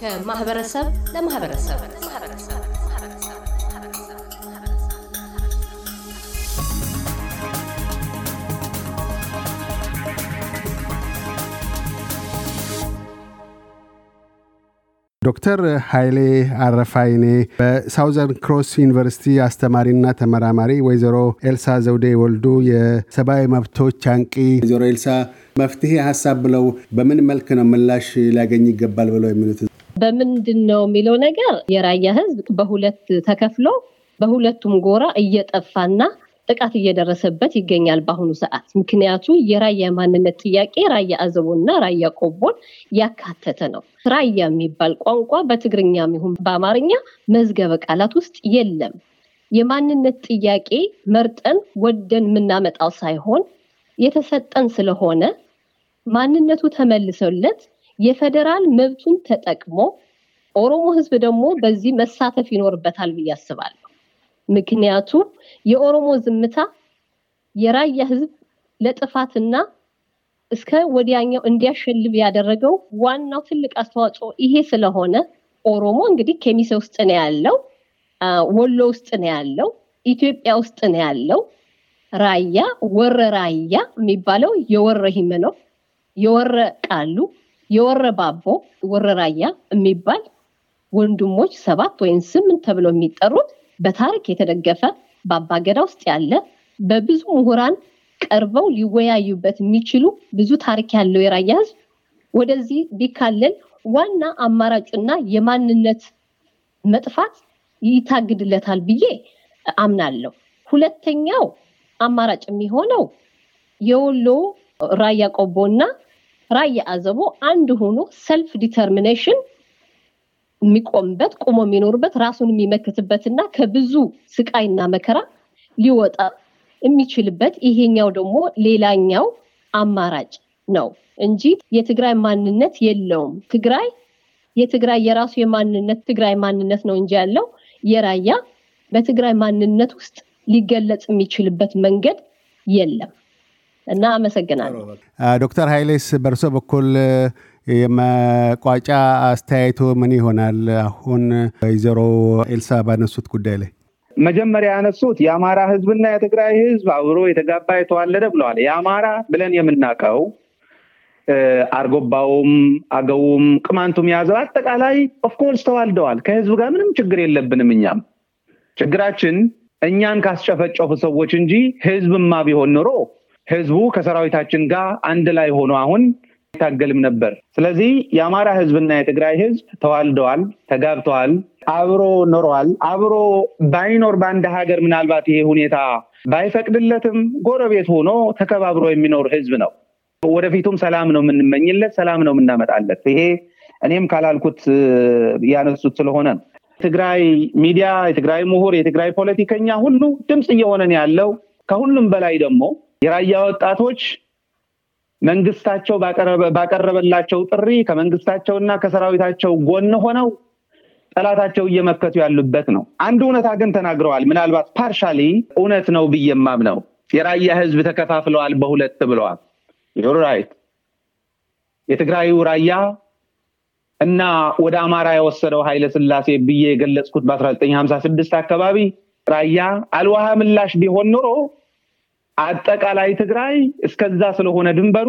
ከማህበረሰብ ለማህበረሰብ ዶክተር ኃይሌ አረፋይኔ በሳውዘርን ክሮስ ዩኒቨርሲቲ አስተማሪና ተመራማሪ፣ ወይዘሮ ኤልሳ ዘውዴ ወልዱ የሰብአዊ መብቶች አንቂ። ወይዘሮ ኤልሳ መፍትሄ ሀሳብ ብለው በምን መልክ ነው ምላሽ ሊያገኝ ይገባል ብለው የሚሉት በምንድን ነው የሚለው ነገር የራያ ህዝብ በሁለት ተከፍሎ በሁለቱም ጎራ እየጠፋና ጥቃት እየደረሰበት ይገኛል በአሁኑ ሰዓት። ምክንያቱ የራያ ማንነት ጥያቄ ራያ ና ራያ ቆቦን ያካተተ ነው። ራያ የሚባል ቋንቋ በትግርኛ ይሁን በአማርኛ መዝገበ ቃላት ውስጥ የለም። የማንነት ጥያቄ መርጠን ወደን የምናመጣው ሳይሆን የተሰጠን ስለሆነ ማንነቱ ተመልሰለት የፌዴራል መብቱን ተጠቅሞ ኦሮሞ ሕዝብ ደግሞ በዚህ መሳተፍ ይኖርበታል ብዬ አስባለሁ። ምክንያቱ የኦሮሞ ዝምታ የራያ ህዝብ ለጥፋትና እስከ ወዲያኛው እንዲያሸልብ ያደረገው ዋናው ትልቅ አስተዋጽኦ ይሄ ስለሆነ ኦሮሞ እንግዲህ ኬሚሴ ውስጥ ነው ያለው፣ ወሎ ውስጥ ነው ያለው፣ ኢትዮጵያ ውስጥ ነው ያለው። ራያ ወረ ራያ የሚባለው የወረ ሂመኖፍ፣ የወረ ቃሉ፣ የወረ ባቦ፣ ወረ ራያ የሚባል ወንድሞች ሰባት ወይም ስምንት ተብለው የሚጠሩት በታሪክ የተደገፈ በአባገዳ ውስጥ ያለ በብዙ ምሁራን ቀርበው ሊወያዩበት የሚችሉ ብዙ ታሪክ ያለው የራያ ህዝብ ወደዚህ ቢካለል ዋና አማራጭና የማንነት መጥፋት ይታግድለታል ብዬ አምናለሁ። ሁለተኛው አማራጭ የሚሆነው የወሎ ራያ እና ራያ አዘቦ አንድ ሆኖ ሰልፍ ዲተርሚኔሽን የሚቆምበት ቁሞ የሚኖርበት ራሱን የሚመክትበት እና ከብዙ ስቃይና መከራ ሊወጣ የሚችልበት ይሄኛው ደግሞ ሌላኛው አማራጭ ነው እንጂ የትግራይ ማንነት የለውም። ትግራይ የትግራይ የራሱ የማንነት ትግራይ ማንነት ነው እንጂ ያለው የራያ በትግራይ ማንነት ውስጥ ሊገለጽ የሚችልበት መንገድ የለም እና አመሰግናለሁ። ዶክተር ሀይሌስ በእርሶ በኩል የመቋጫ አስተያየቶ ምን ይሆናል? አሁን ወይዘሮ ኤልሳ ባነሱት ጉዳይ ላይ መጀመሪያ ያነሱት የአማራ ህዝብና የትግራይ ህዝብ አብሮ የተጋባ የተዋለደ ብለዋል። የአማራ ብለን የምናውቀው አርጎባውም፣ አገውም፣ ቅማንቱም የያዘው አጠቃላይ ኦፍኮርስ ተዋልደዋል። ከህዝብ ጋር ምንም ችግር የለብንም። እኛም ችግራችን እኛን ካስጨፈጨፉ ሰዎች እንጂ ህዝብማ ቢሆን ኖሮ ህዝቡ ከሰራዊታችን ጋር አንድ ላይ ሆኖ አሁን ይታገልም ነበር። ስለዚህ የአማራ ህዝብና የትግራይ ህዝብ ተዋልደዋል፣ ተጋብተዋል፣ አብሮ ኖረዋል። አብሮ ባይኖር በአንድ ሀገር ምናልባት ይሄ ሁኔታ ባይፈቅድለትም ጎረቤት ሆኖ ተከባብሮ የሚኖር ህዝብ ነው። ወደፊቱም ሰላም ነው የምንመኝለት፣ ሰላም ነው የምናመጣለት። ይሄ እኔም ካላልኩት ያነሱት ስለሆነ ነው። ትግራይ ሚዲያ፣ የትግራይ ምሁር፣ የትግራይ ፖለቲከኛ ሁሉ ድምፅ እየሆነን ያለው ከሁሉም በላይ ደግሞ የራያ ወጣቶች መንግስታቸው ባቀረበላቸው ጥሪ ከመንግስታቸውና ከሰራዊታቸው ጎን ሆነው ጠላታቸው እየመከቱ ያሉበት ነው። አንድ እውነታ ግን ተናግረዋል። ምናልባት ፓርሻሊ እውነት ነው ብዬ ነው የራያ ህዝብ ተከፋፍለዋል በሁለት ብለዋል። ራይት የትግራዩ ራያ እና ወደ አማራ የወሰደው ኃይለ ስላሴ ብዬ የገለጽኩት በ1956 አካባቢ ራያ አልዋሃ ምላሽ ቢሆን ኖሮ አጠቃላይ ትግራይ እስከዛ ስለሆነ ድንበሩ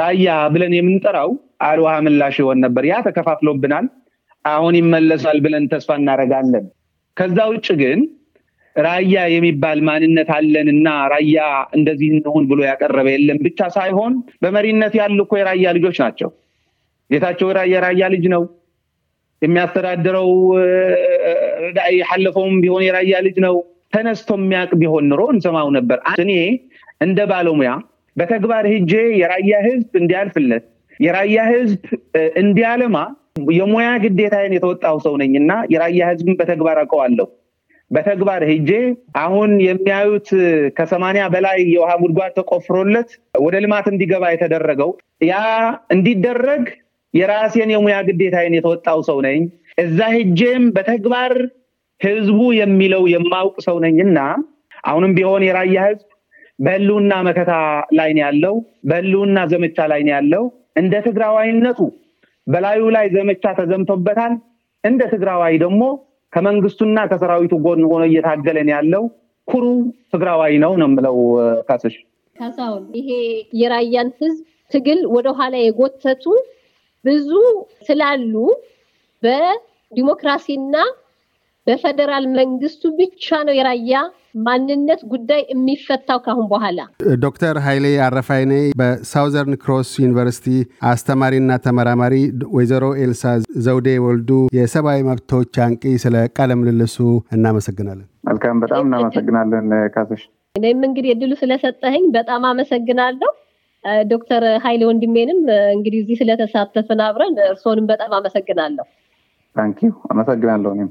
ራያ ብለን የምንጠራው አልውሃ ምላሽ ይሆን ነበር። ያ ተከፋፍሎብናል። አሁን ይመለሳል ብለን ተስፋ እናደርጋለን። ከዛ ውጭ ግን ራያ የሚባል ማንነት አለን እና ራያ እንደዚህ እንሁን ብሎ ያቀረበ የለም ብቻ ሳይሆን በመሪነት ያሉ እኮ የራያ ልጆች ናቸው። ጌታቸው የራያ ልጅ ነው። የሚያስተዳድረው ርዳኢ ቢሆን የራያ ልጅ ነው። ተነስቶ የሚያውቅ ቢሆን ኑሮ እንሰማው ነበር። እኔ እንደ ባለሙያ በተግባር ሄጄ የራያ ህዝብ እንዲያልፍለት የራያ ህዝብ እንዲያለማ የሙያ ግዴታዬን የተወጣው ሰው ነኝ እና የራያ ህዝብን በተግባር አውቀዋለሁ። በተግባር ሄጄ አሁን የሚያዩት ከሰማንያ በላይ የውሃ ጉድጓድ ተቆፍሮለት ወደ ልማት እንዲገባ የተደረገው ያ እንዲደረግ የራሴን የሙያ ግዴታዬን የተወጣው ሰው ነኝ። እዛ ሄጄም በተግባር ህዝቡ የሚለው የማውቅ ሰው ነኝና አሁንም ቢሆን የራያ ህዝብ በህልውና መከታ ላይ ያለው፣ በህልውና ዘመቻ ላይ ያለው። እንደ ትግራዋይነቱ በላዩ ላይ ዘመቻ ተዘምቶበታል። እንደ ትግራዋይ ደግሞ ከመንግስቱና ከሰራዊቱ ጎን ሆኖ እየታገለን ያለው ኩሩ ትግራዋይ ነው ነው ምለው ካሰሽ ካሳሁን፣ ይሄ የራያን ህዝብ ትግል ወደኋላ የጎተቱ ብዙ ስላሉ በዲሞክራሲና በፌዴራል መንግስቱ ብቻ ነው የራያ ማንነት ጉዳይ የሚፈታው ካሁን በኋላ። ዶክተር ኃይሌ አረፋይኔ በሳውዘርን ክሮስ ዩኒቨርሲቲ አስተማሪና ተመራማሪ፣ ወይዘሮ ኤልሳ ዘውዴ ወልዱ የሰብአዊ መብቶች አንቂ፣ ስለ ቃለ ምልልሱ እናመሰግናለን። መልካም፣ በጣም እናመሰግናለን ካሶሽ። እኔም እንግዲህ እድሉ ስለሰጠህኝ በጣም አመሰግናለሁ። ዶክተር ኃይሌ ወንድሜንም እንግዲህ እዚህ ስለተሳተፍን አብረን እርስዎንም በጣም አመሰግናለሁ። ታንኪዩ፣ አመሰግናለሁ እኔም